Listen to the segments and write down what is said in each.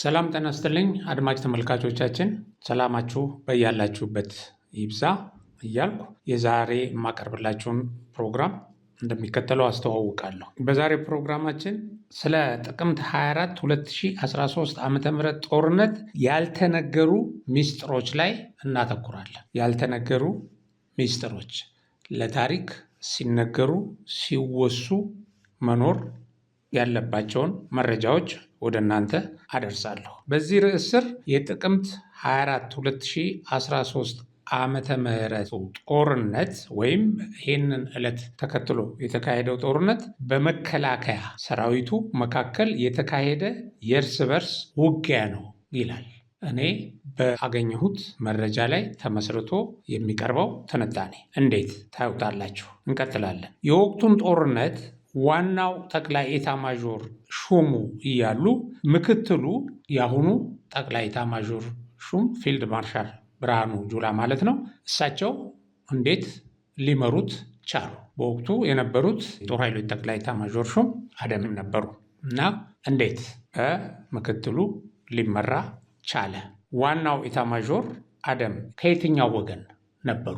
ሰላም ጤና ይስጥልኝ አድማጭ ተመልካቾቻችን፣ ሰላማችሁ በያላችሁበት ይብዛ እያልኩ የዛሬ የማቀርብላችሁን ፕሮግራም እንደሚከተለው አስተዋውቃለሁ። በዛሬ ፕሮግራማችን ስለ ጥቅምት 24 2013 ዓ ም ጦርነት ያልተነገሩ ሚስጥሮች ላይ እናተኩራለን። ያልተነገሩ ሚስጥሮች ለታሪክ ሲነገሩ ሲወሱ መኖር ያለባቸውን መረጃዎች ወደ እናንተ አደርሳለሁ። በዚህ ርዕስ ስር የጥቅምት 24 2013 ዓመተ ምህረቱ ጦርነት ወይም ይህንን ዕለት ተከትሎ የተካሄደው ጦርነት በመከላከያ ሰራዊቱ መካከል የተካሄደ የእርስ በርስ ውጊያ ነው ይላል። እኔ በአገኘሁት መረጃ ላይ ተመስርቶ የሚቀርበው ትንታኔ እንዴት ታዩታላችሁ? እንቀጥላለን። የወቅቱን ጦርነት ዋናው ጠቅላይ ማዦር ሹሙ እያሉ ምክትሉ የአሁኑ ጠቅላይ ኤታማዦር ሹም ፊልድ ማርሻል ብርሃኑ ጁላ ማለት ነው። እሳቸው እንዴት ሊመሩት ቻሉ? በወቅቱ የነበሩት የጦር ኃይሎች ጠቅላይ ኤታማዦር ሹም አደም ነበሩ እና እንዴት በምክትሉ ሊመራ ቻለ? ዋናው ማዦር አደም ከየትኛው ወገን ነበሩ?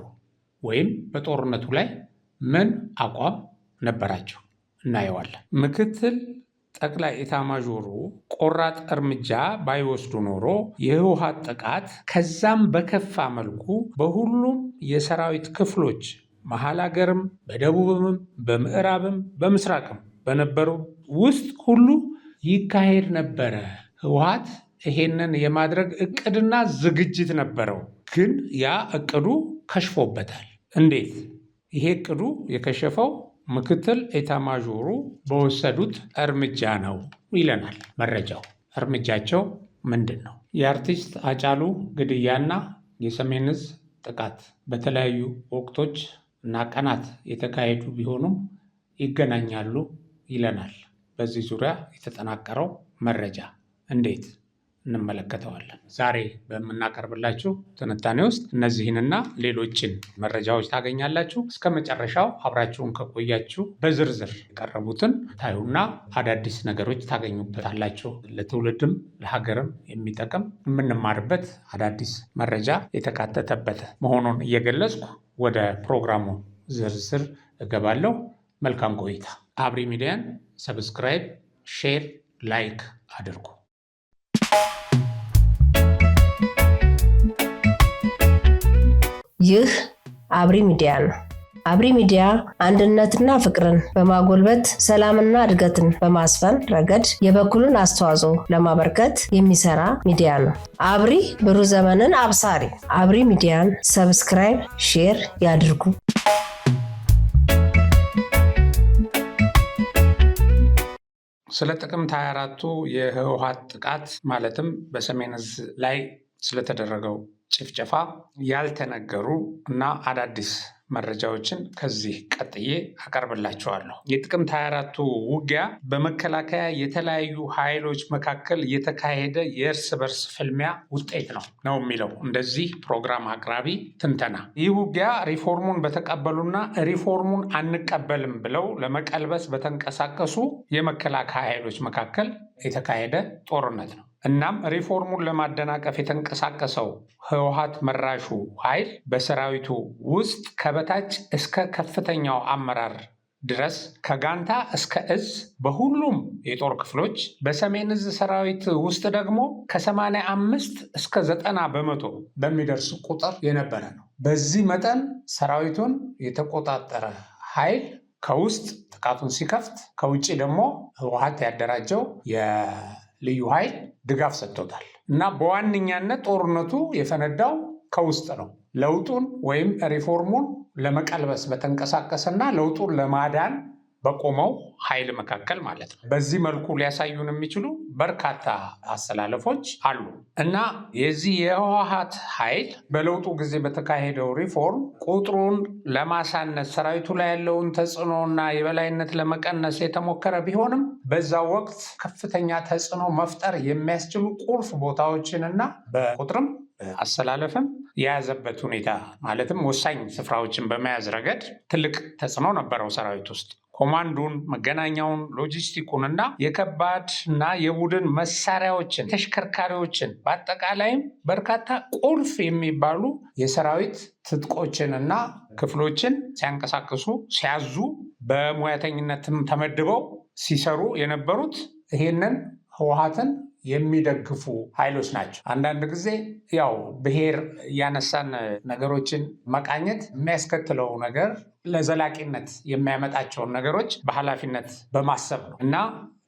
ወይም በጦርነቱ ላይ ምን አቋም ነበራቸው? እናየዋለን። ምክትል ጠቅላይ ኢታማዦሩ ቆራጥ እርምጃ ባይወስዱ ኖሮ የህወሓት ጥቃት ከዛም በከፋ መልኩ በሁሉም የሰራዊት ክፍሎች መሀል ሀገርም በደቡብም በምዕራብም በምስራቅም በነበሩ ውስጥ ሁሉ ይካሄድ ነበረ። ህወሓት ይሄንን የማድረግ እቅድና ዝግጅት ነበረው። ግን ያ እቅዱ ከሽፎበታል። እንዴት? ይሄ እቅዱ የከሸፈው ምክትል ኤታማዦሩ በወሰዱት እርምጃ ነው ይለናል መረጃው። እርምጃቸው ምንድን ነው? የአርቲስት አጫሉ ግድያና የሰሜን ዕዝ ጥቃት በተለያዩ ወቅቶች እና ቀናት የተካሄዱ ቢሆኑም ይገናኛሉ ይለናል። በዚህ ዙሪያ የተጠናቀረው መረጃ እንዴት እንመለከተዋለን። ዛሬ በምናቀርብላችሁ ትንታኔ ውስጥ እነዚህንና ሌሎችን መረጃዎች ታገኛላችሁ። እስከ መጨረሻው አብራችሁን ከቆያችሁ በዝርዝር የቀረቡትን ታዩና አዳዲስ ነገሮች ታገኙበታላችሁ። ለትውልድም ለሀገርም የሚጠቅም የምንማርበት አዳዲስ መረጃ የተካተተበት መሆኑን እየገለጽኩ ወደ ፕሮግራሙ ዝርዝር እገባለሁ። መልካም ቆይታ። አብሪ ሚዲያን ሰብስክራይብ፣ ሼር፣ ላይክ አድርጉ። ይህ አብሪ ሚዲያ ነው። አብሪ ሚዲያ አንድነትና ፍቅርን በማጎልበት ሰላምና እድገትን በማስፈን ረገድ የበኩሉን አስተዋጽኦ ለማበርከት የሚሰራ ሚዲያ ነው። አብሪ ብሩህ ዘመንን አብሳሪ። አብሪ ሚዲያን ሰብስክራይብ፣ ሼር ያድርጉ። ስለ ጥቅምት 24ቱ የህወሓት ጥቃት ማለትም በሰሜን ላይ ስለተደረገው ጭፍጨፋ ያልተነገሩ እና አዳዲስ መረጃዎችን ከዚህ ቀጥዬ አቀርብላቸዋለሁ። የጥቅምት 24ቱ ውጊያ በመከላከያ የተለያዩ ኃይሎች መካከል የተካሄደ የእርስ በርስ ፍልሚያ ውጤት ነው ነው የሚለው እንደዚህ ፕሮግራም አቅራቢ ትንተና። ይህ ውጊያ ሪፎርሙን በተቀበሉና ሪፎርሙን አንቀበልም ብለው ለመቀልበስ በተንቀሳቀሱ የመከላከያ ኃይሎች መካከል የተካሄደ ጦርነት ነው። እናም ሪፎርሙን ለማደናቀፍ የተንቀሳቀሰው ህወሀት መራሹ ኃይል በሰራዊቱ ውስጥ ከበታች እስከ ከፍተኛው አመራር ድረስ ከጋንታ እስከ እዝ በሁሉም የጦር ክፍሎች በሰሜን እዝ ሰራዊት ውስጥ ደግሞ ከ አምስት እስከ ዘጠና በመቶ በሚደርስ ቁጥር የነበረ ነው። በዚህ መጠን ሰራዊቱን የተቆጣጠረ ኃይል ከውስጥ ጥቃቱን ሲከፍት፣ ከውጭ ደግሞ ህወሀት ያደራጀው ልዩ ኃይል ድጋፍ ሰጥቶታል እና በዋነኛነት ጦርነቱ የፈነዳው ከውስጥ ነው። ለውጡን ወይም ሪፎርሙን ለመቀልበስ በተንቀሳቀሰና ለውጡን ለማዳን በቆመው ኃይል መካከል ማለት ነው። በዚህ መልኩ ሊያሳዩን የሚችሉ በርካታ አሰላለፎች አሉ እና የዚህ የህወሓት ኃይል በለውጡ ጊዜ በተካሄደው ሪፎርም ቁጥሩን ለማሳነስ ሰራዊቱ ላይ ያለውን ተጽዕኖና የበላይነት ለመቀነስ የተሞከረ ቢሆንም በዛ ወቅት ከፍተኛ ተጽዕኖ መፍጠር የሚያስችሉ ቁልፍ ቦታዎችንና በቁጥርም አሰላለፍም የያዘበት ሁኔታ ማለትም ወሳኝ ስፍራዎችን በመያዝ ረገድ ትልቅ ተጽዕኖ ነበረው ሰራዊት ውስጥ። ኮማንዶን፣ መገናኛውን፣ ሎጂስቲኩን እና የከባድ እና የቡድን መሳሪያዎችን፣ ተሽከርካሪዎችን በአጠቃላይም በርካታ ቁልፍ የሚባሉ የሰራዊት ትጥቆችን እና ክፍሎችን ሲያንቀሳቅሱ ሲያዙ በሙያተኝነትም ተመድበው ሲሰሩ የነበሩት ይህንን ህወሓትን የሚደግፉ ኃይሎች ናቸው። አንዳንድ ጊዜ ያው ብሔር ያነሳን ነገሮችን መቃኘት የሚያስከትለው ነገር ለዘላቂነት የሚያመጣቸውን ነገሮች በኃላፊነት በማሰብ ነው እና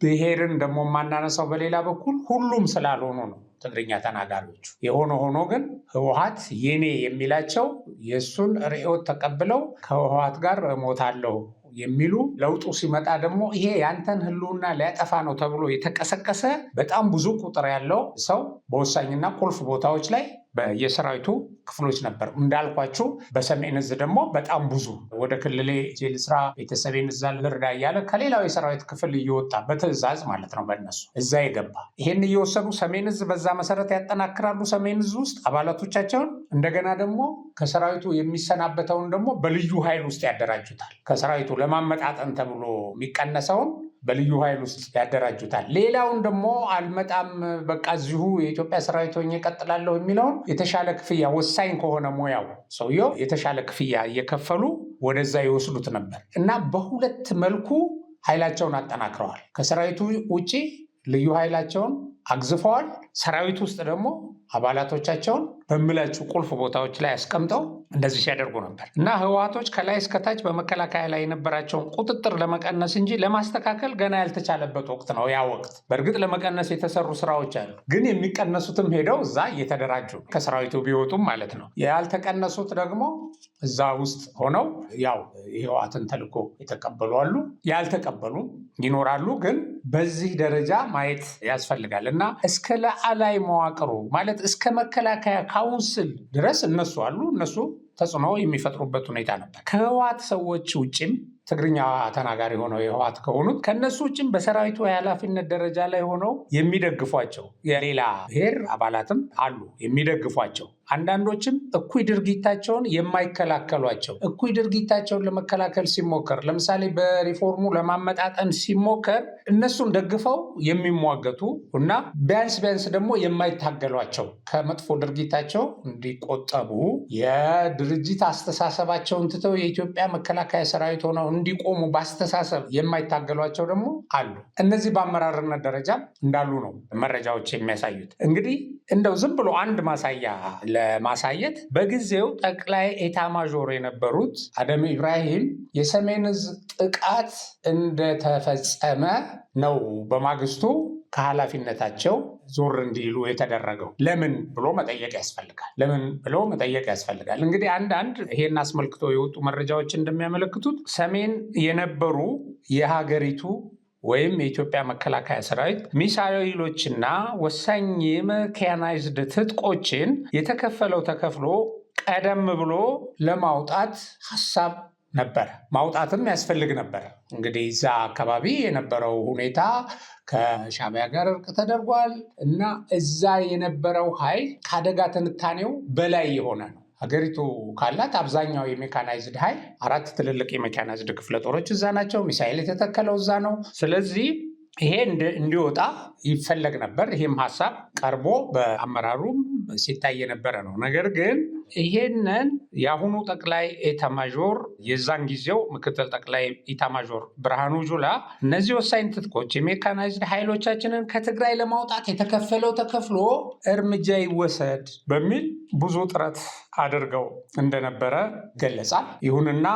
ብሔርን ደግሞ የማናነሳው በሌላ በኩል ሁሉም ስላልሆኑ ነው ትግርኛ ተናጋሪዎቹ። የሆነ ሆኖ ግን ህወሀት የኔ የሚላቸው የእሱን ርዕዮት ተቀብለው ከህወሀት ጋር እሞታለሁ የሚሉ ለውጡ ሲመጣ ደግሞ ይሄ ያንተን ህልውና ሊያጠፋ ነው ተብሎ የተቀሰቀሰ በጣም ብዙ ቁጥር ያለው ሰው በወሳኝና ቁልፍ ቦታዎች ላይ በየሰራዊቱ ክፍሎች ነበር እንዳልኳችሁ በሰሜን እዝ ደግሞ በጣም ብዙ ወደ ክልሌ ስራ ቤተሰቤን እዛ ልርዳ እያለ ከሌላው የሰራዊት ክፍል እየወጣ በትዕዛዝ ማለት ነው በእነሱ እዛ የገባ ይሄን እየወሰዱ ሰሜን እዝ በዛ መሰረት ያጠናክራሉ። ሰሜን እዝ ውስጥ አባላቶቻቸውን እንደገና ደግሞ ከሰራዊቱ የሚሰናበተውን ደግሞ በልዩ ኃይል ውስጥ ያደራጁታል። ከሰራዊቱ ለማመጣጠን ተብሎ የሚቀነሰውን በልዩ ኃይል ውስጥ ያደራጁታል። ሌላውን ደግሞ አልመጣም በቃ እዚሁ የኢትዮጵያ ሰራዊት ሆኜ እቀጥላለሁ የሚለውን የተሻለ ክፍያ ወሳኝ ከሆነ ሙያው ሰውየው የተሻለ ክፍያ እየከፈሉ ወደዛ ይወስዱት ነበር እና በሁለት መልኩ ኃይላቸውን አጠናክረዋል። ከሰራዊቱ ውጪ ልዩ ኃይላቸውን አግዝፈዋል። ሰራዊት ውስጥ ደግሞ አባላቶቻቸውን በምላችሁ ቁልፍ ቦታዎች ላይ አስቀምጠው እንደዚህ ሲያደርጉ ነበር እና ህወሓቶች ከላይ እስከታች በመከላከያ ላይ የነበራቸውን ቁጥጥር ለመቀነስ እንጂ ለማስተካከል ገና ያልተቻለበት ወቅት ነው ያ ወቅት። በእርግጥ ለመቀነስ የተሰሩ ስራዎች አሉ፣ ግን የሚቀነሱትም ሄደው እዛ እየተደራጁ ከሰራዊቱ ቢወጡም ማለት ነው። ያልተቀነሱት ደግሞ እዛ ውስጥ ሆነው ያው የህወሓትን ተልዕኮ የተቀበሉ አሉ፣ ያልተቀበሉ ይኖራሉ። ግን በዚህ ደረጃ ማየት ያስፈልጋል። እና እስከ ላዕላይ መዋቅሩ ማለት እስከ መከላከያ ካውንስል ድረስ እነሱ አሉ። እነሱ ተጽዕኖ የሚፈጥሩበት ሁኔታ ነበር። ከህወሓት ሰዎች ውጭም ትግርኛ ተናጋሪ ሆነው የህወሓት ከሆኑት ከእነሱ ውጭም በሰራዊቱ የኃላፊነት ደረጃ ላይ ሆነው የሚደግፏቸው የሌላ ብሔር አባላትም አሉ የሚደግፏቸው አንዳንዶችም እኩይ ድርጊታቸውን የማይከላከሏቸው እኩይ ድርጊታቸውን ለመከላከል ሲሞከር ለምሳሌ በሪፎርሙ ለማመጣጠን ሲሞከር እነሱን ደግፈው የሚሟገቱ እና ቢያንስ ቢያንስ ደግሞ የማይታገሏቸው ከመጥፎ ድርጊታቸው እንዲቆጠቡ የድርጅት አስተሳሰባቸውን ትተው የኢትዮጵያ መከላከያ ሰራዊት ሆነው እንዲቆሙ በአስተሳሰብ የማይታገሏቸው ደግሞ አሉ። እነዚህ በአመራርነት ደረጃ እንዳሉ ነው መረጃዎች የሚያሳዩት እንግዲህ እንደው ዝም ብሎ አንድ ማሳያ ለማሳየት በጊዜው ጠቅላይ ኤታ ማዦር የነበሩት አደም ኢብራሂም የሰሜን ዕዝ ጥቃት እንደተፈጸመ ነው በማግስቱ ከኃላፊነታቸው ዞር እንዲሉ የተደረገው ለምን ብሎ መጠየቅ ያስፈልጋል። ለምን ብሎ መጠየቅ ያስፈልጋል። እንግዲህ አንዳንድ ይሄን አስመልክቶ የወጡ መረጃዎች እንደሚያመለክቱት ሰሜን የነበሩ የሀገሪቱ ወይም የኢትዮጵያ መከላከያ ሰራዊት ሚሳይሎችና ወሳኝ የሜካናይዝድ ትጥቆችን የተከፈለው ተከፍሎ ቀደም ብሎ ለማውጣት ሀሳብ ነበረ ማውጣትም ያስፈልግ ነበር። እንግዲህ እዛ አካባቢ የነበረው ሁኔታ ከሻቢያ ጋር እርቅ ተደርጓል እና እዛ የነበረው ኃይል ከአደጋ ትንታኔው በላይ የሆነ ነው። ሀገሪቱ ካላት አብዛኛው የሜካናይዝድ ኃይል አራት ትልልቅ የሜካናይዝድ ክፍለ ጦሮች እዛ ናቸው። ሚሳይል የተተከለው እዛ ነው። ስለዚህ ይሄ እንዲወጣ ይፈለግ ነበር። ይህም ሀሳብ ቀርቦ በአመራሩም ሲታይ የነበረ ነው። ነገር ግን ይሄንን የአሁኑ ጠቅላይ ኤታማዦር የዛን ጊዜው ምክትል ጠቅላይ ኢታማዦር ብርሃኑ ጁላ እነዚህ ወሳኝ ትጥቆች የሜካናይዝድ ኃይሎቻችንን ከትግራይ ለማውጣት የተከፈለው ተከፍሎ እርምጃ ይወሰድ በሚል ብዙ ጥረት አድርገው እንደነበረ ገለጻል። ይሁንና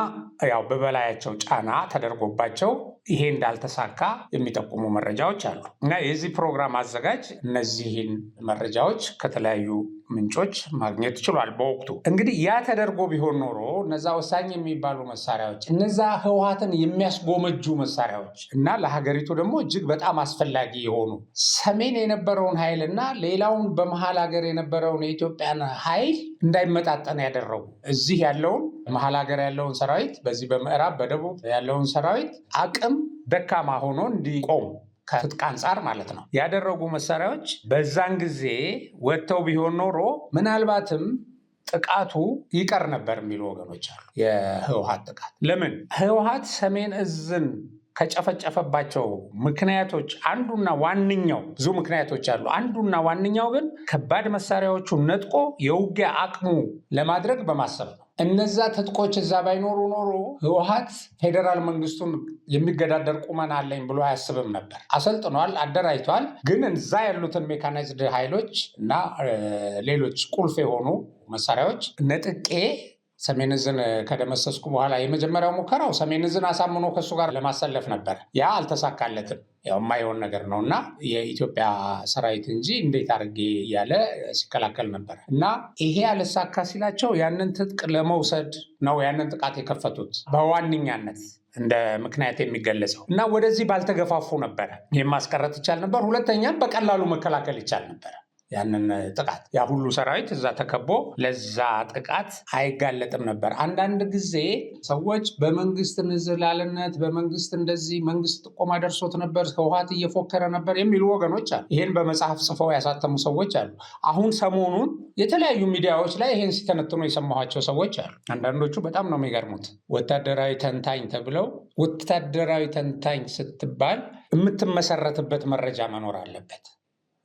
ያው በበላያቸው ጫና ተደርጎባቸው ይሄ እንዳልተሳካ የሚጠቁሙ መረጃዎች አሉ እና የዚህ ፕሮግራም አዘጋጅ እነዚህን መረጃዎች ከተለያዩ ምንጮች ማግኘት ችሏል። በወቅቱ እንግዲህ ያ ተደርጎ ቢሆን ኖሮ እነዛ ወሳኝ የሚባሉ መሳሪያዎች፣ እነዛ ህወሓትን የሚያስጎመጁ መሳሪያዎች እና ለሀገሪቱ ደግሞ እጅግ በጣም አስፈላጊ የሆኑ ሰሜን የነበረውን ኃይል እና ሌላውን በመሀል ሀገር የነበረውን የኢትዮጵያን ኃይል እንዳይመጣጠን ያደረጉ እዚህ ያለውን መሀል ሀገር ያለውን ሰራዊት በዚህ በምዕራብ በደቡብ ያለውን ሰራዊት አቅም ደካማ ሆኖ እንዲቆም ከትጥቅ አንጻር ማለት ነው ያደረጉ መሳሪያዎች በዛን ጊዜ ወጥተው ቢሆን ኖሮ ምናልባትም ጥቃቱ ይቀር ነበር የሚሉ ወገኖች አሉ። የህወሀት ጥቃት ለምን ህወሀት ሰሜን እዝን ከጨፈጨፈባቸው ምክንያቶች አንዱና ዋነኛው ብዙ ምክንያቶች አሉ። አንዱና ዋነኛው ግን ከባድ መሳሪያዎቹን ነጥቆ የውጊያ አቅሙ ለማድረግ በማሰብ ነው። እነዛ ትጥቆች እዛ ባይኖሩ ኖሮ ህወሀት ፌዴራል መንግስቱን የሚገዳደር ቁመና አለኝ ብሎ አያስብም ነበር። አሰልጥኗል፣ አደራጅቷል። ግን እዛ ያሉትን ሜካናይዝድ ኃይሎች እና ሌሎች ቁልፍ የሆኑ መሳሪያዎች ነጥቄ ሰሜን ዝን ከደመሰስኩ በኋላ የመጀመሪያው ሙከራው ሰሜን ዝን አሳምኖ ከእሱ ጋር ለማሰለፍ ነበር። ያ አልተሳካለትም። ያው የማይሆን ነገር ነው እና የኢትዮጵያ ሰራዊት እንጂ እንዴት አድርጌ እያለ ሲከላከል ነበር እና ይሄ አልሳካ ሲላቸው ያንን ትጥቅ ለመውሰድ ነው ያንን ጥቃት የከፈቱት በዋነኛነት እንደ ምክንያት የሚገለጸው እና ወደዚህ ባልተገፋፉ ነበረ ይህም ማስቀረት ይቻል ነበር። ሁለተኛም በቀላሉ መከላከል ይቻል ነበር። ያንን ጥቃት ያ ሁሉ ሰራዊት እዛ ተከቦ ለዛ ጥቃት አይጋለጥም ነበር። አንዳንድ ጊዜ ሰዎች በመንግስት ንዝላልነት በመንግስት እንደዚህ መንግስት ጥቆማ ደርሶት ነበር፣ ህወሓት እየፎከረ ነበር የሚሉ ወገኖች አሉ። ይህን በመጽሐፍ ጽፈው ያሳተሙ ሰዎች አሉ። አሁን ሰሞኑን የተለያዩ ሚዲያዎች ላይ ይህን ሲተነትኑ የሰማኋቸው ሰዎች አሉ። አንዳንዶቹ በጣም ነው የሚገርሙት። ወታደራዊ ተንታኝ ተብለው ወታደራዊ ተንታኝ ስትባል የምትመሰረትበት መረጃ መኖር አለበት።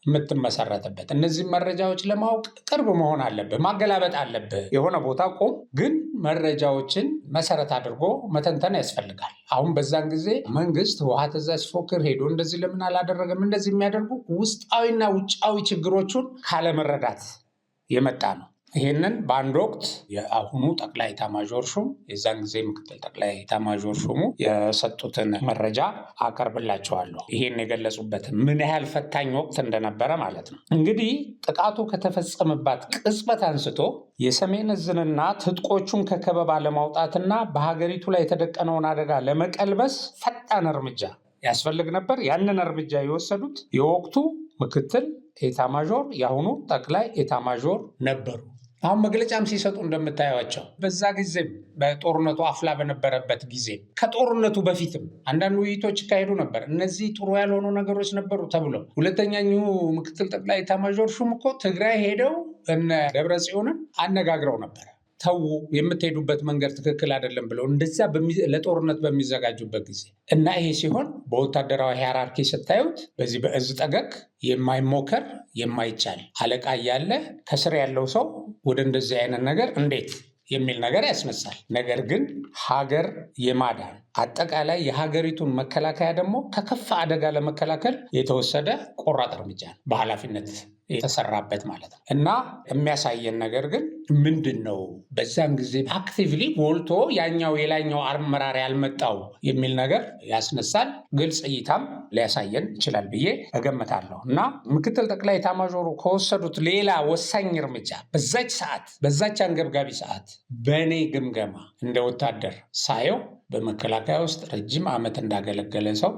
የምትመሰረትበት እነዚህ መረጃዎች ለማወቅ ቅርብ መሆን አለብህ፣ ማገላበጥ አለብህ። የሆነ ቦታ ቆም፣ ግን መረጃዎችን መሰረት አድርጎ መተንተን ያስፈልጋል። አሁን በዛን ጊዜ መንግስት ህወሓት እዛ ሲፎክር ሄዶ እንደዚህ ለምን አላደረገም እንደዚህ የሚያደርጉ ውስጣዊና ውጫዊ ችግሮቹን ካለመረዳት የመጣ ነው። ይህንን በአንድ ወቅት የአሁኑ ጠቅላይ ኤታማዦር ሹም የዛን ጊዜ ምክትል ጠቅላይ ኤታማዦር ሹሙ የሰጡትን መረጃ አቀርብላቸዋለሁ። ይህን የገለጹበትን ምን ያህል ፈታኝ ወቅት እንደነበረ ማለት ነው። እንግዲህ ጥቃቱ ከተፈጸመባት ቅጽበት አንስቶ የሰሜን እዝንና ትጥቆቹን ከከበባ ለማውጣትና በሀገሪቱ ላይ የተደቀነውን አደጋ ለመቀልበስ ፈጣን እርምጃ ያስፈልግ ነበር። ያንን እርምጃ የወሰዱት የወቅቱ ምክትል ኤታማዦር የአሁኑ ጠቅላይ ኤታማዦር ነበሩ። አሁን መግለጫም ሲሰጡ እንደምታያቸው በዛ ጊዜ በጦርነቱ አፍላ በነበረበት ጊዜ ከጦርነቱ በፊትም አንዳንድ ውይይቶች ይካሄዱ ነበር። እነዚህ ጥሩ ያልሆኑ ነገሮች ነበሩ ተብለው ሁለተኛ ምክትል ጠቅላይ ኤታማዦር ሹም እኮ ትግራይ ሄደው እነ ደብረ ጽዮንን አነጋግረው ነበር። ተዉ የምትሄዱበት መንገድ ትክክል አይደለም ብለው እንደዚያ ለጦርነት በሚዘጋጁበት ጊዜ እና ይሄ ሲሆን በወታደራዊ ሄራርኪ ስታዩት በዚህ በእዝ ጠገግ የማይሞከር የማይቻል አለቃ እያለ ከስር ያለው ሰው ወደ እንደዚህ አይነት ነገር እንዴት የሚል ነገር ያስነሳል። ነገር ግን ሀገር የማዳን አጠቃላይ የሀገሪቱን መከላከያ ደግሞ ከከፋ አደጋ ለመከላከል የተወሰደ ቆራጥ እርምጃ ነው በኃላፊነት የተሰራበት ማለት ነው እና የሚያሳየን ነገር ግን ምንድን ነው በዛን ጊዜ አክቲቭሊ ቦልቶ ያኛው የላይኛው አመራር ያልመጣው የሚል ነገር ያስነሳል። ግልጽ እይታም ሊያሳየን ይችላል ብዬ እገምታለሁ እና ምክትል ጠቅላይ ኤታማዦሩ ከወሰዱት ሌላ ወሳኝ እርምጃ በዛች ሰዓት በዛች አንገብጋቢ ሰዓት በእኔ ግምገማ እንደ ወታደር ሳየው በመከላከያ ውስጥ ረጅም ዓመት እንዳገለገለ ሰው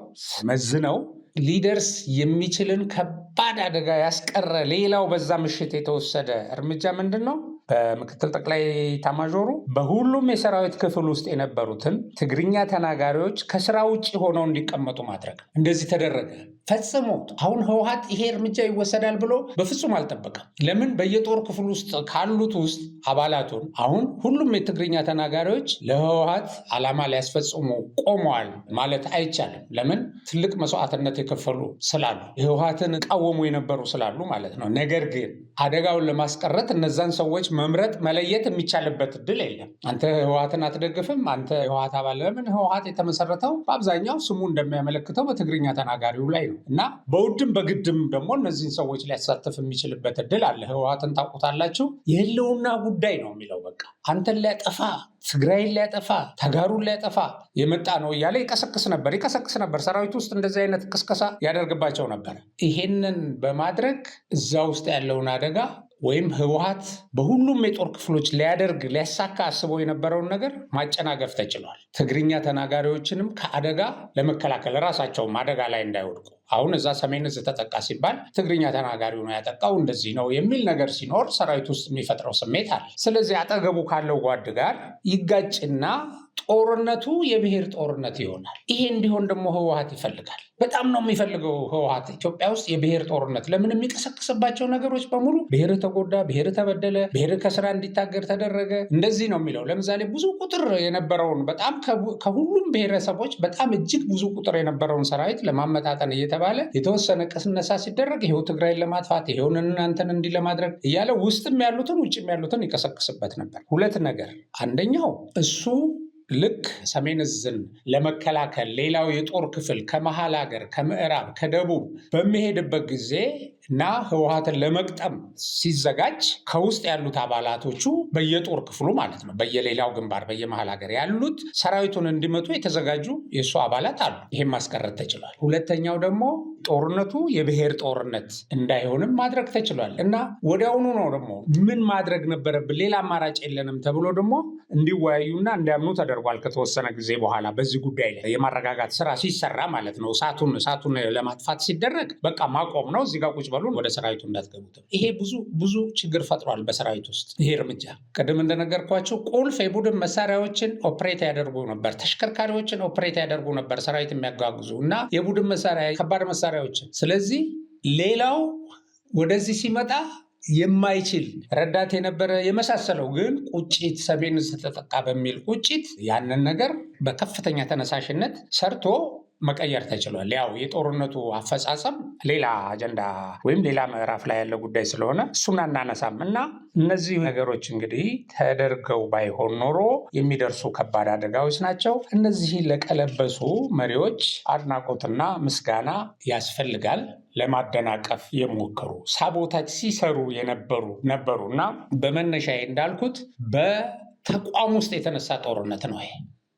መዝነው ሊደርስ የሚችልን ከባድ አደጋ ያስቀረ ሌላው በዛ ምሽት የተወሰደ እርምጃ ምንድን ነው? በምክትል ጠቅላይ ታማዦሩ በሁሉም የሰራዊት ክፍል ውስጥ የነበሩትን ትግርኛ ተናጋሪዎች ከስራ ውጭ ሆነው እንዲቀመጡ ማድረግ። እንደዚህ ተደረገ። ፈጽሞ አሁን ህወሀት ይሄ እርምጃ ይወሰዳል ብሎ በፍጹም አልጠበቀም። ለምን በየጦር ክፍል ውስጥ ካሉት ውስጥ አባላቱን አሁን ሁሉም የትግርኛ ተናጋሪዎች ለህወሀት ዓላማ ሊያስፈጽሙ ቆመዋል ማለት አይቻልም። ለምን ትልቅ መስዋዕትነት የከፈሉ ስላሉ፣ የህወሀትን ቃወሙ የነበሩ ስላሉ ማለት ነው። ነገር ግን አደጋውን ለማስቀረት እነዛን ሰዎች መምረጥ መለየት የሚቻልበት እድል የለም። አንተ ህወሀትን አትደግፍም፣ አንተ ህወሀት አባል። ለምን ህወሀት የተመሰረተው በአብዛኛው ስሙ እንደሚያመለክተው በትግርኛ ተናጋሪው ላይ ነው እና በውድም በግድም ደግሞ እነዚህን ሰዎች ሊያሳትፍ የሚችልበት እድል አለ። ህወሀትን ታውቁታላችሁ። የህልውና ጉዳይ ነው የሚለው በቃ አንተን ሊያጠፋ ትግራይን ሊያጠፋ ተጋሩን ሊያጠፋ የመጣ ነው እያለ ይቀሰቅስ ነበር ይቀሰቅስ ነበር። ሰራዊት ውስጥ እንደዚህ አይነት ቅስቀሳ ያደርግባቸው ነበር። ይሄንን በማድረግ እዛ ውስጥ ያለውን አደጋ ወይም ህወሀት በሁሉም የጦር ክፍሎች ሊያደርግ ሊያሳካ አስበው የነበረውን ነገር ማጨናገፍ ተችሏል። ትግርኛ ተናጋሪዎችንም ከአደጋ ለመከላከል ራሳቸውም አደጋ ላይ እንዳይወድቁ አሁን እዛ ሰሜን እዝ ተጠቃ ሲባል ትግርኛ ተናጋሪው ነው ያጠቃው እንደዚህ ነው የሚል ነገር ሲኖር ሰራዊት ውስጥ የሚፈጥረው ስሜት አለ። ስለዚህ አጠገቡ ካለው ጓድ ጋር ይጋጭና ጦርነቱ የብሔር ጦርነት ይሆናል። ይሄ እንዲሆን ደግሞ ህወሀት ይፈልጋል። በጣም ነው የሚፈልገው ህወሀት ኢትዮጵያ ውስጥ የብሔር ጦርነት ለምን የሚቀሰቅስባቸው ነገሮች በሙሉ ብሔር ተጎዳ፣ ብሔር ተበደለ፣ ብሔር ከስራ እንዲታገድ ተደረገ፣ እንደዚህ ነው የሚለው። ለምሳሌ ብዙ ቁጥር የነበረውን በጣም ከሁሉም ብሔረሰቦች በጣም እጅግ ብዙ ቁጥር የነበረውን ሰራዊት ለማመጣጠን እየተባለ የተወሰነ ቅስነሳ ሲደረግ ይሄው ትግራይን ለማጥፋት ይሄውን እናንተን እንዲህ ለማድረግ እያለ ውስጥም ያሉትን ውጭም ያሉትን ይቀሰቅስበት ነበር። ሁለት ነገር አንደኛው እሱ ልክ ሰሜን እዝን ለመከላከል ሌላው የጦር ክፍል ከመሀል ሀገር፣ ከምዕራብ፣ ከደቡብ በሚሄድበት ጊዜ እና ህወሀትን ለመቅጠም ሲዘጋጅ ከውስጥ ያሉት አባላቶቹ በየጦር ክፍሉ ማለት ነው፣ በየሌላው ግንባር፣ በየመሀል ሀገር ያሉት ሰራዊቱን እንዲመቱ የተዘጋጁ የእሱ አባላት አሉ። ይህም ማስቀረት ተችሏል። ሁለተኛው ደግሞ ጦርነቱ የብሔር ጦርነት እንዳይሆንም ማድረግ ተችሏል እና ወዲያውኑ ነው ደግሞ ምን ማድረግ ነበረብን፣ ሌላ አማራጭ የለንም ተብሎ ደግሞ እንዲወያዩና እንዲያምኑ ተደርጓል። ከተወሰነ ጊዜ በኋላ በዚህ ጉዳይ ላይ የማረጋጋት ስራ ሲሰራ ማለት ነው። እሳቱን እሳቱን ለማጥፋት ሲደረግ በቃ ማቆም ነው እዚህ ጋር ቁጭ በሉን ወደ ሰራዊቱ እንዳትገቡ። ይሄ ብዙ ብዙ ችግር ፈጥሯል በሰራዊት ውስጥ ይሄ እርምጃ። ቅድም እንደነገርኳቸው ቁልፍ የቡድን መሳሪያዎችን ኦፕሬት ያደርጉ ነበር፣ ተሽከርካሪዎችን ኦፕሬት ያደርጉ ነበር ሰራዊት የሚያጓጉዙ እና የቡድን መሳሪያ ከባድ መሳሪያዎችን። ስለዚህ ሌላው ወደዚህ ሲመጣ የማይችል ረዳት የነበረ የመሳሰለው ግን ቁጭት ሰሜን ስተጠቃ በሚል ቁጭት ያንን ነገር በከፍተኛ ተነሳሽነት ሰርቶ መቀየር ተችሏል። ያው የጦርነቱ አፈጻጸም ሌላ አጀንዳ ወይም ሌላ ምዕራፍ ላይ ያለ ጉዳይ ስለሆነ እሱን አናነሳም እና እነዚህ ነገሮች እንግዲህ ተደርገው ባይሆን ኖሮ የሚደርሱ ከባድ አደጋዎች ናቸው። እነዚህ ለቀለበሱ መሪዎች አድናቆትና ምስጋና ያስፈልጋል። ለማደናቀፍ የሞከሩ ሳቦታች ሲሰሩ የነበሩ ነበሩ እና በመነሻዬ እንዳልኩት በተቋም ውስጥ የተነሳ ጦርነት ነው።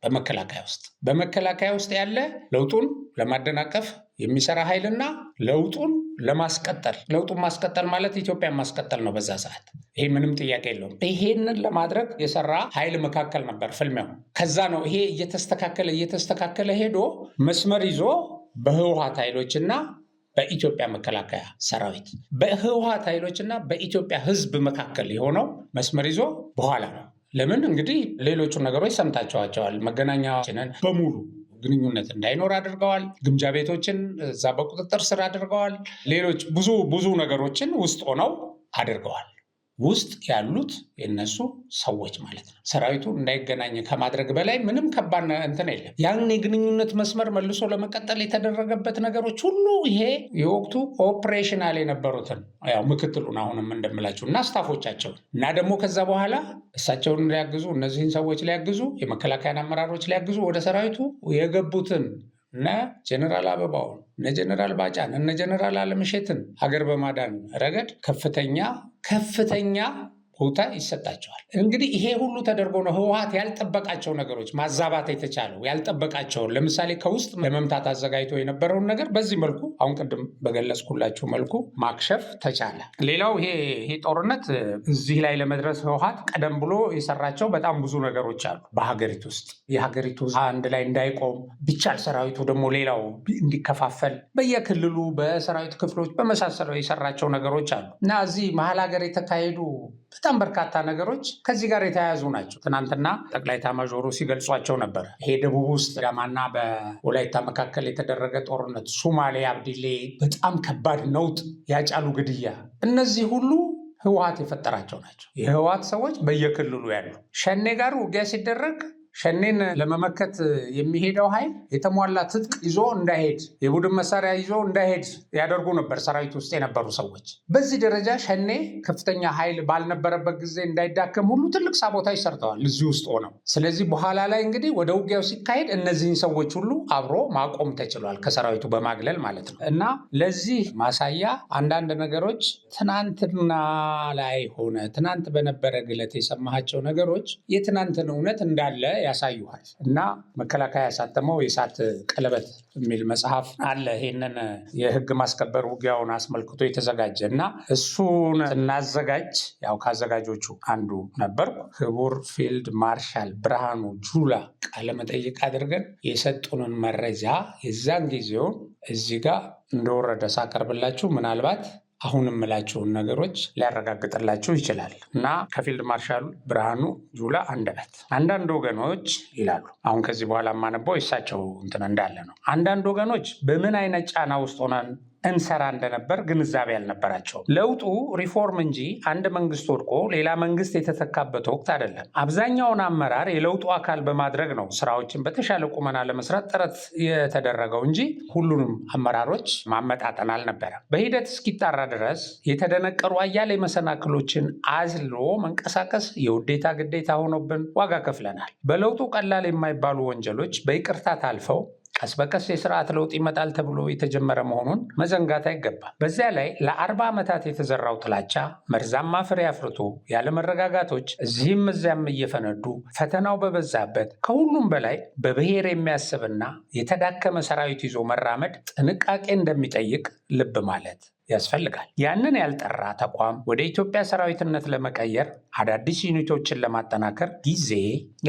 በመከላከያ ውስጥ በመከላከያ ውስጥ ያለ ለውጡን ለማደናቀፍ የሚሰራ ኃይልና ለውጡን ለማስቀጠል ለውጡን ማስቀጠል ማለት ኢትዮጵያን ማስቀጠል ነው። በዛ ሰዓት ይሄ ምንም ጥያቄ የለውም። ይሄንን ለማድረግ የሰራ ኃይል መካከል ነበር ፍልሚያው። ከዛ ነው ይሄ እየተስተካከለ እየተስተካከለ ሄዶ መስመር ይዞ ኃይሎች ኃይሎችና በኢትዮጵያ መከላከያ ሰራዊት ኃይሎች ኃይሎችና በኢትዮጵያ ህዝብ መካከል የሆነው መስመር ይዞ በኋላ ነው ለምን እንግዲህ ሌሎቹ ነገሮች ሰምታችኋቸዋል። መገናኛችንን በሙሉ ግንኙነት እንዳይኖር አድርገዋል። ግምጃ ቤቶችን እዛ በቁጥጥር ስር አድርገዋል። ሌሎች ብዙ ብዙ ነገሮችን ውስጥ ሆነው አድርገዋል። ውስጥ ያሉት የነሱ ሰዎች ማለት ነው። ሰራዊቱ እንዳይገናኝ ከማድረግ በላይ ምንም ከባድ እንትን የለም። ያን የግንኙነት መስመር መልሶ ለመቀጠል የተደረገበት ነገሮች ሁሉ ይሄ የወቅቱ ኦፕሬሽናል የነበሩትን ያው ምክትሉን አሁንም እንደምላቸው እና ስታፎቻቸውን እና ደግሞ ከዛ በኋላ እሳቸውን ሊያግዙ እነዚህን ሰዎች ሊያግዙ የመከላከያን አመራሮች ሊያግዙ ወደ ሰራዊቱ የገቡትን እነ ጀነራል አበባውን እነ ጀነራል ባጫን እነ ጀነራል አለምሸትን ሀገር በማዳን ረገድ ከፍተኛ ከፍተኛ ቦታ ይሰጣቸዋል። እንግዲህ ይሄ ሁሉ ተደርጎ ነው ህወሀት ያልጠበቃቸው ነገሮች ማዛባት የተቻለው ያልጠበቃቸውን፣ ለምሳሌ ከውስጥ ለመምታት አዘጋጅቶ የነበረውን ነገር በዚህ መልኩ አሁን ቅድም በገለጽኩላችሁ መልኩ ማክሸፍ ተቻለ። ሌላው ይሄ ጦርነት እዚህ ላይ ለመድረስ ህወሀት ቀደም ብሎ የሰራቸው በጣም ብዙ ነገሮች አሉ። በሀገሪቱ ውስጥ የሀገሪቱ አንድ ላይ እንዳይቆም ቢቻል ሰራዊቱ ደግሞ ሌላው እንዲከፋፈል በየክልሉ በሰራዊት ክፍሎች በመሳሰለው የሰራቸው ነገሮች አሉ እና እዚህ መሀል ሀገር የተካሄዱ በጣም በርካታ ነገሮች ከዚህ ጋር የተያያዙ ናቸው። ትናንትና ጠቅላይ ኤታማዦሩ ሲገልጿቸው ነበር። ይሄ ደቡብ ውስጥ ዳማና በወላይታ መካከል የተደረገ ጦርነት፣ ሱማሌ አብዲሌ፣ በጣም ከባድ ነውጥ፣ ያጫሉ ግድያ፣ እነዚህ ሁሉ ህወሀት የፈጠራቸው ናቸው። የህወሀት ሰዎች በየክልሉ ያሉ ሸኔ ጋር ውጊያ ሲደረግ ሸኔን ለመመከት የሚሄደው ኃይል የተሟላ ትጥቅ ይዞ እንዳይሄድ የቡድን መሳሪያ ይዞ እንዳይሄድ ያደርጉ ነበር ሰራዊት ውስጥ የነበሩ ሰዎች። በዚህ ደረጃ ሸኔ ከፍተኛ ኃይል ባልነበረበት ጊዜ እንዳይዳከም ሁሉ ትልቅ ሳቦታጅ ሰርተዋል እዚህ ውስጥ ሆነው። ስለዚህ በኋላ ላይ እንግዲህ ወደ ውጊያው ሲካሄድ እነዚህን ሰዎች ሁሉ አብሮ ማቆም ተችሏል፣ ከሰራዊቱ በማግለል ማለት ነው። እና ለዚህ ማሳያ አንዳንድ ነገሮች ትናንትና ላይ ሆነ ትናንት በነበረ ግለት የሰማሃቸው ነገሮች የትናንትን እውነት እንዳለ ያሳዩሃል እና መከላከያ ያሳተመው የእሳት ቀለበት የሚል መጽሐፍ አለ። ይህንን የህግ ማስከበር ውጊያውን አስመልክቶ የተዘጋጀ እና እሱን እናዘጋጅ ያው ከአዘጋጆቹ አንዱ ነበርኩ። ክቡር ፊልድ ማርሻል ብርሃኑ ጁላ ቃለመጠይቅ አድርገን የሰጡንን መረጃ የዛን ጊዜውን እዚህ ጋር እንደወረደ ሳቀርብላችሁ ምናልባት አሁን የምላቸውን ነገሮች ሊያረጋግጥላቸው ይችላል እና ከፊልድ ማርሻል ብርሃኑ ጁላ አንደበት አንዳንድ ወገኖች ይላሉ። አሁን ከዚህ በኋላ የማነባው የእሳቸው እንትን እንዳለ ነው። አንዳንድ ወገኖች በምን አይነት ጫና ውስጥ ሆነን እንሰራ እንደነበር ግንዛቤ አልነበራቸውም። ለውጡ ሪፎርም እንጂ አንድ መንግስት ወድቆ ሌላ መንግስት የተተካበት ወቅት አይደለም። አብዛኛውን አመራር የለውጡ አካል በማድረግ ነው ስራዎችን በተሻለ ቁመና ለመስራት ጥረት የተደረገው እንጂ ሁሉንም አመራሮች ማመጣጠን አልነበረም። በሂደት እስኪጣራ ድረስ የተደነቀሩ አያሌ መሰናክሎችን አዝሎ መንቀሳቀስ የውዴታ ግዴታ ሆኖብን ዋጋ ከፍለናል። በለውጡ ቀላል የማይባሉ ወንጀሎች በይቅርታ ታልፈው ቀስ በቀስ የስርዓት ለውጥ ይመጣል ተብሎ የተጀመረ መሆኑን መዘንጋት አይገባም። በዚያ ላይ ለአርባ ዓመታት የተዘራው ጥላቻ መርዛማ ፍሬ አፍርቶ ያለመረጋጋቶች እዚህም እዚያም እየፈነዱ ፈተናው በበዛበት ከሁሉም በላይ በብሔር የሚያስብና የተዳከመ ሰራዊት ይዞ መራመድ ጥንቃቄ እንደሚጠይቅ ልብ ማለት ያስፈልጋል። ያንን ያልጠራ ተቋም ወደ ኢትዮጵያ ሰራዊትነት ለመቀየር አዳዲስ ዩኒቶችን ለማጠናከር ጊዜ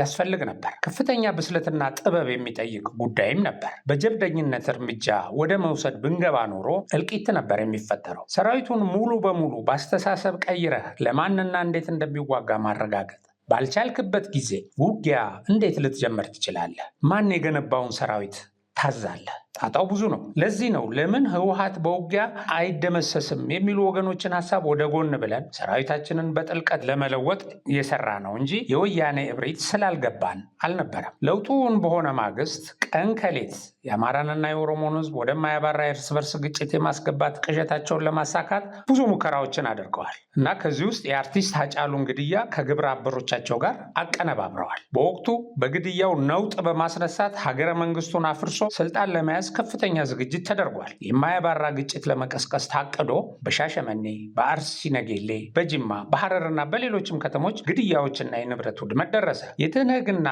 ያስፈልግ ነበር። ከፍተኛ ብስለትና ጥበብ የሚጠይቅ ጉዳይም ነበር። በጀብደኝነት እርምጃ ወደ መውሰድ ብንገባ ኖሮ እልቂት ነበር የሚፈጠረው። ሰራዊቱን ሙሉ በሙሉ በአስተሳሰብ ቀይረህ ለማንና እንዴት እንደሚዋጋ ማረጋገጥ ባልቻልክበት ጊዜ ውጊያ እንዴት ልትጀምር ትችላለህ? ማን የገነባውን ሰራዊት ታዛለህ? ጣጣው ብዙ ነው። ለዚህ ነው ለምን ህወሀት በውጊያ አይደመሰስም የሚሉ ወገኖችን ሀሳብ ወደ ጎን ብለን ሰራዊታችንን በጥልቀት ለመለወጥ የሰራ ነው እንጂ የወያኔ እብሪት ስላልገባን አልነበረም። ለውጡን በሆነ ማግስት ቀን ከሌት የአማራንና የኦሮሞን ህዝብ ወደማያባራ የእርስ በርስ ግጭት የማስገባት ቅዠታቸውን ለማሳካት ብዙ ሙከራዎችን አድርገዋል እና ከዚህ ውስጥ የአርቲስት ሀጫሉን ግድያ ከግብረ አበሮቻቸው ጋር አቀነባብረዋል። በወቅቱ በግድያው ነውጥ በማስነሳት ሀገረ መንግስቱን አፍርሶ ስልጣን ለመያዝ ለመያዝ ከፍተኛ ዝግጅት ተደርጓል። የማያባራ ግጭት ለመቀስቀስ ታቅዶ በሻሸመኔ፣ በአርሲ ነገሌ፣ በጅማ፣ በሐረርና በሌሎችም ከተሞች ግድያዎችና የንብረት ውድመት ደረሰ። የትህነግና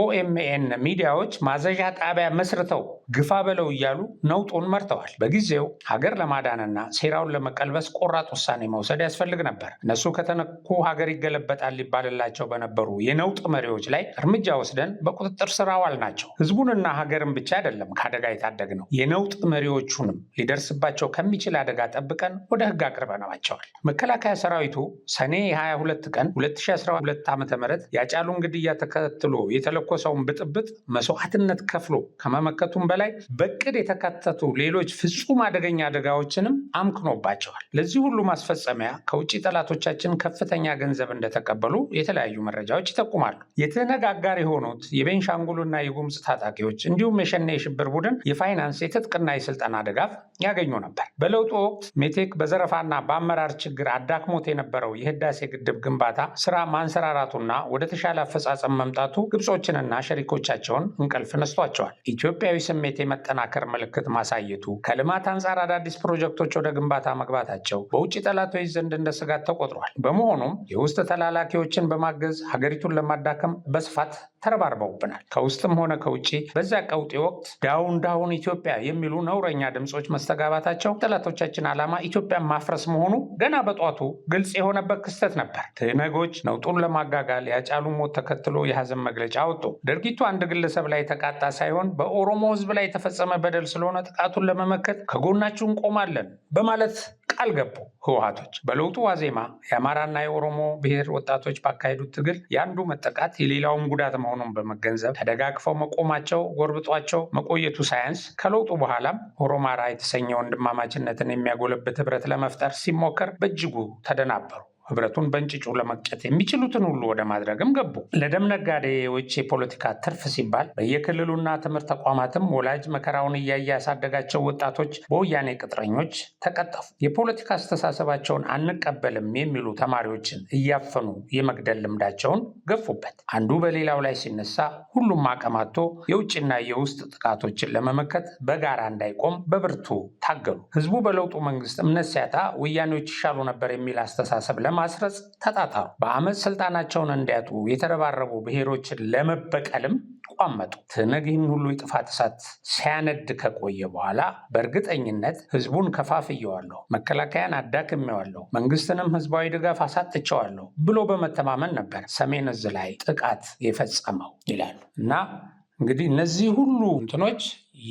ኦኤምኤን ሚዲያዎች ማዘዣ ጣቢያ መስርተው ግፋ በለው እያሉ ነውጡን መርተዋል። በጊዜው ሀገር ለማዳንና ሴራውን ለመቀልበስ ቆራጥ ውሳኔ መውሰድ ያስፈልግ ነበር። እነሱ ከተነኩ ሀገር ይገለበጣል ሊባልላቸው በነበሩ የነውጥ መሪዎች ላይ እርምጃ ወስደን በቁጥጥር ስር አዋልናቸው። ህዝቡንና ሀገርን ብቻ አይደለም ከአደጋ የታደ ማሳደግ ነው። የነውጥ መሪዎቹንም ሊደርስባቸው ከሚችል አደጋ ጠብቀን ወደ ህግ አቅርበናቸዋል። መከላከያ ሰራዊቱ ሰኔ 22 ቀን 2012 ዓ ም ያጫሉን ግድያ ተከትሎ የተለኮሰውን ብጥብጥ መስዋዕትነት ከፍሎ ከመመከቱም በላይ በቅድ የተካተቱ ሌሎች ፍጹም አደገኛ አደጋዎችንም አምክኖባቸዋል። ለዚህ ሁሉ ማስፈጸሚያ ከውጭ ጠላቶቻችን ከፍተኛ ገንዘብ እንደተቀበሉ የተለያዩ መረጃዎች ይጠቁማሉ። የተነጋጋሪ የሆኑት የቤንሻንጉልና የጉምዝ ታጣቂዎች እንዲሁም የሸኔ የሽብር ቡድን የፋ ፋይናንስ የትጥቅና የስልጠና ድጋፍ ያገኙ ነበር። በለውጡ ወቅት ሜቴክ በዘረፋና በአመራር ችግር አዳክሞት የነበረው የህዳሴ ግድብ ግንባታ ስራ ማንሰራራቱና ወደ ተሻለ አፈጻጸም መምጣቱ ግብጾችንና ሸሪኮቻቸውን እንቅልፍ ነስቷቸዋል። ኢትዮጵያዊ ስሜት የመጠናከር ምልክት ማሳየቱ፣ ከልማት አንጻር አዳዲስ ፕሮጀክቶች ወደ ግንባታ መግባታቸው በውጭ ጠላቶች ዘንድ እንደ ስጋት ተቆጥሯል። በመሆኑም የውስጥ ተላላኪዎችን በማገዝ ሀገሪቱን ለማዳከም በስፋት ተረባርበውብናል። ከውስጥም ሆነ ከውጭ በዛ ቀውጤ ወቅት ዳውን ዳውን ኢትዮጵያ የሚሉ ነውረኛ ድምፆች መስተጋባታቸው ጠላቶቻችን ዓላማ ኢትዮጵያን ማፍረስ መሆኑ ገና በጧቱ ግልጽ የሆነበት ክስተት ነበር። ትነጎች ነውጡን ለማጋጋል ያጫሉ ሞት ተከትሎ የሐዘን መግለጫ አወጡ። ድርጊቱ አንድ ግለሰብ ላይ የተቃጣ ሳይሆን በኦሮሞ ሕዝብ ላይ የተፈጸመ በደል ስለሆነ ጥቃቱን ለመመከት ከጎናችሁ እንቆማለን በማለት ቃል ገቡ። ህወሀቶች በለውጡ ዋዜማ የአማራና የኦሮሞ ብሔር ወጣቶች ባካሄዱት ትግል የአንዱ መጠቃት የሌላውም ጉዳት መሆኑ መሆኑን በመገንዘብ ተደጋግፈው መቆማቸው ጎርብጧቸው መቆየቱ ሳያንስ ከለውጡ በኋላም ኦሮማራ የተሰኘ ወንድማማችነትን የሚያጎለብት ህብረት ለመፍጠር ሲሞከር በእጅጉ ተደናበሩ። ህብረቱን በእንጭጩ ለመቅጨት የሚችሉትን ሁሉ ወደ ማድረግም ገቡ። ለደም ነጋዴዎች የፖለቲካ ትርፍ ሲባል በየክልሉና ትምህርት ተቋማትም ወላጅ መከራውን እያየ ያሳደጋቸው ወጣቶች በወያኔ ቅጥረኞች ተቀጠፉ። የፖለቲካ አስተሳሰባቸውን አንቀበልም የሚሉ ተማሪዎችን እያፈኑ የመግደል ልምዳቸውን ገፉበት። አንዱ በሌላው ላይ ሲነሳ ሁሉም አቀማቶ የውጭና የውስጥ ጥቃቶችን ለመመከት በጋራ እንዳይቆም በብርቱ ታገሉ። ህዝቡ በለውጡ መንግስት እምነት ሲያጣ ወያኔዎች ይሻሉ ነበር የሚል አስተሳሰብ ለ። ለማስረጽ ተጣጣሩ። በአመፅ ስልጣናቸውን እንዲያጡ የተረባረቡ ብሔሮችን ለመበቀልም ቋመጡ። ትነግ ይህን ሁሉ የጥፋት እሳት ሲያነድ ከቆየ በኋላ በእርግጠኝነት ህዝቡን ከፋፍየዋለሁ፣ መከላከያን አዳክሜዋለሁ፣ መንግስትንም ህዝባዊ ድጋፍ አሳጥቸዋለሁ ብሎ በመተማመን ነበር ሰሜን እዝ ላይ ጥቃት የፈጸመው ይላሉ እና እንግዲህ እነዚህ ሁሉ እንትኖች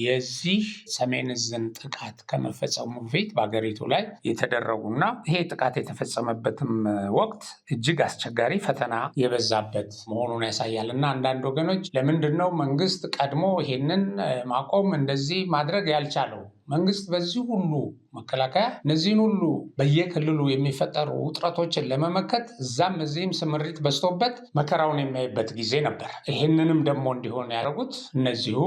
የዚህ ሰሜን ዝን ጥቃት ከመፈጸሙ በፊት በሀገሪቱ ላይ የተደረጉና ይሄ ጥቃት የተፈጸመበትም ወቅት እጅግ አስቸጋሪ ፈተና የበዛበት መሆኑን ያሳያል እና አንዳንድ ወገኖች ለምንድን ነው መንግስት ቀድሞ ይሄንን ማቆም እንደዚህ ማድረግ ያልቻለው? መንግስት በዚህ ሁሉ መከላከያ እነዚህን ሁሉ በየክልሉ የሚፈጠሩ ውጥረቶችን ለመመከት እዛም እዚህም ስምሪት በዝቶበት መከራውን የሚያይበት ጊዜ ነበር። ይህንንም ደግሞ እንዲሆን ያደረጉት እነዚሁ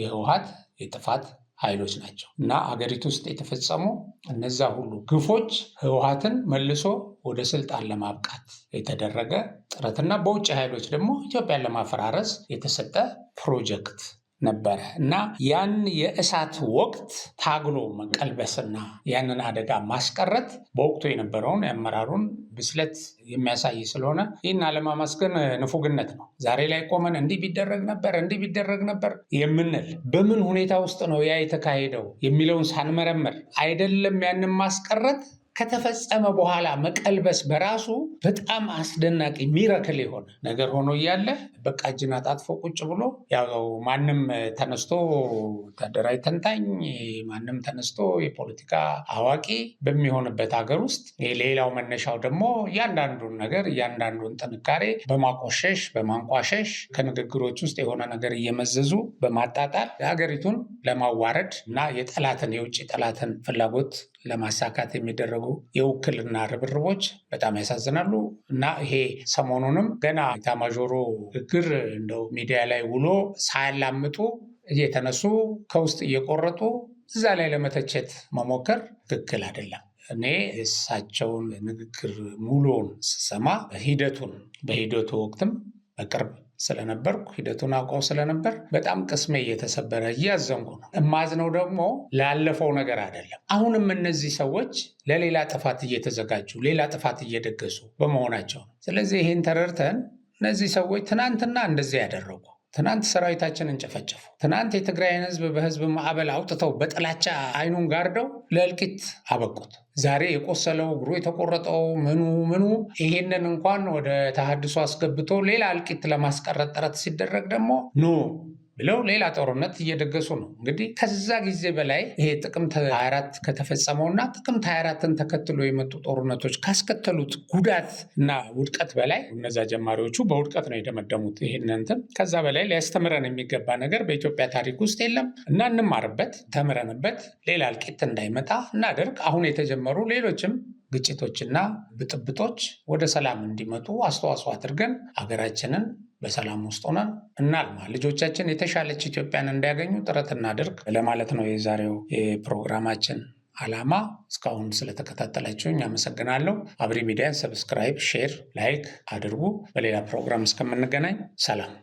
የህወሓት የጥፋት ኃይሎች ናቸው እና አገሪቱ ውስጥ የተፈጸሙ እነዛ ሁሉ ግፎች ህወሀትን መልሶ ወደ ስልጣን ለማብቃት የተደረገ ጥረትና በውጭ ኃይሎች ደግሞ ኢትዮጵያን ለማፈራረስ የተሰጠ ፕሮጀክት ነበረ እና ያን የእሳት ወቅት ታግሎ መቀልበስና ያንን አደጋ ማስቀረት በወቅቱ የነበረውን የአመራሩን ብስለት የሚያሳይ ስለሆነ ይህን አለማመስገን ንፉግነት ነው። ዛሬ ላይ ቆመን እንዲህ ቢደረግ ነበር እንዲህ ቢደረግ ነበር የምንል በምን ሁኔታ ውስጥ ነው ያ የተካሄደው የሚለውን ሳንመረምር አይደለም ያንን ማስቀረት ከተፈጸመ በኋላ መቀልበስ በራሱ በጣም አስደናቂ ሚረክል የሆነ ነገር ሆኖ እያለ በቃ እጅን አጣጥፎ ቁጭ ብሎ ያው ማንም ተነስቶ ወታደራዊ ተንታኝ፣ ማንም ተነስቶ የፖለቲካ አዋቂ በሚሆንበት ሀገር ውስጥ ሌላው መነሻው ደግሞ እያንዳንዱን ነገር እያንዳንዱን ጥንካሬ በማቆሸሽ በማንቋሸሽ ከንግግሮች ውስጥ የሆነ ነገር እየመዘዙ በማጣጣል ሀገሪቱን ለማዋረድ እና የጠላትን የውጭ ጠላትን ፍላጎት ለማሳካት የሚደረጉ የውክልና ርብርቦች በጣም ያሳዝናሉ እና ይሄ ሰሞኑንም ገና ኢታማዦሩ ግግር እንደው ሚዲያ ላይ ውሎ ሳያላምጡ እየተነሱ ከውስጥ እየቆረጡ እዛ ላይ ለመተቸት መሞከር ትክክል አይደለም። እኔ እሳቸውን ንግግር ሙሉውን ስሰማ ሂደቱን በሂደቱ ወቅትም በቅርብ ስለነበርኩ ሂደቱን አውቀው ስለነበር በጣም ቅስሜ እየተሰበረ እያዘንኩ ነው። እማዝነው ደግሞ ላለፈው ነገር አይደለም። አሁንም እነዚህ ሰዎች ለሌላ ጥፋት እየተዘጋጁ ሌላ ጥፋት እየደገሱ በመሆናቸው ነው። ስለዚህ ይህን ተረድተን እነዚህ ሰዎች ትናንትና እንደዚህ ያደረጉ ትናንት ሰራዊታችንን ጨፈጨፉ። ትናንት የትግራይን ህዝብ በህዝብ ማዕበል አውጥተው በጥላቻ አይኑን ጋርደው ለእልቂት አበቁት። ዛሬ የቆሰለው እግሩ የተቆረጠው ምኑ ምኑ ይሄንን እንኳን ወደ ተሃድሶ አስገብቶ ሌላ እልቂት ለማስቀረት ጥረት ሲደረግ ደግሞ ኖ ብለው ሌላ ጦርነት እየደገሱ ነው። እንግዲህ ከዛ ጊዜ በላይ ይሄ ጥቅምት 24 ከተፈጸመውና ጥቅምት 24ን ተከትሎ የመጡ ጦርነቶች ካስከተሉት ጉዳት እና ውድቀት በላይ እነዛ ጀማሪዎቹ በውድቀት ነው የደመደሙት። ይህን እንትን ከዛ በላይ ሊያስተምረን የሚገባ ነገር በኢትዮጵያ ታሪክ ውስጥ የለም እና እንማርበት፣ ተምረንበት ሌላ እልቂት እንዳይመጣ እናደርግ። አሁን የተጀመሩ ሌሎችም ግጭቶችና ብጥብጦች ወደ ሰላም እንዲመጡ አስተዋጽኦ አድርገን አገራችንን በሰላም ውስጥ ሆነን እናልማ፣ ልጆቻችን የተሻለች ኢትዮጵያን እንዲያገኙ ጥረት እናድርግ ለማለት ነው የዛሬው የፕሮግራማችን ዓላማ። እስካሁን ስለተከታተላችሁኝ አመሰግናለሁ። አብሪ ሚዲያን ሰብስክራይብ፣ ሼር፣ ላይክ አድርጉ። በሌላ ፕሮግራም እስከምንገናኝ ሰላም።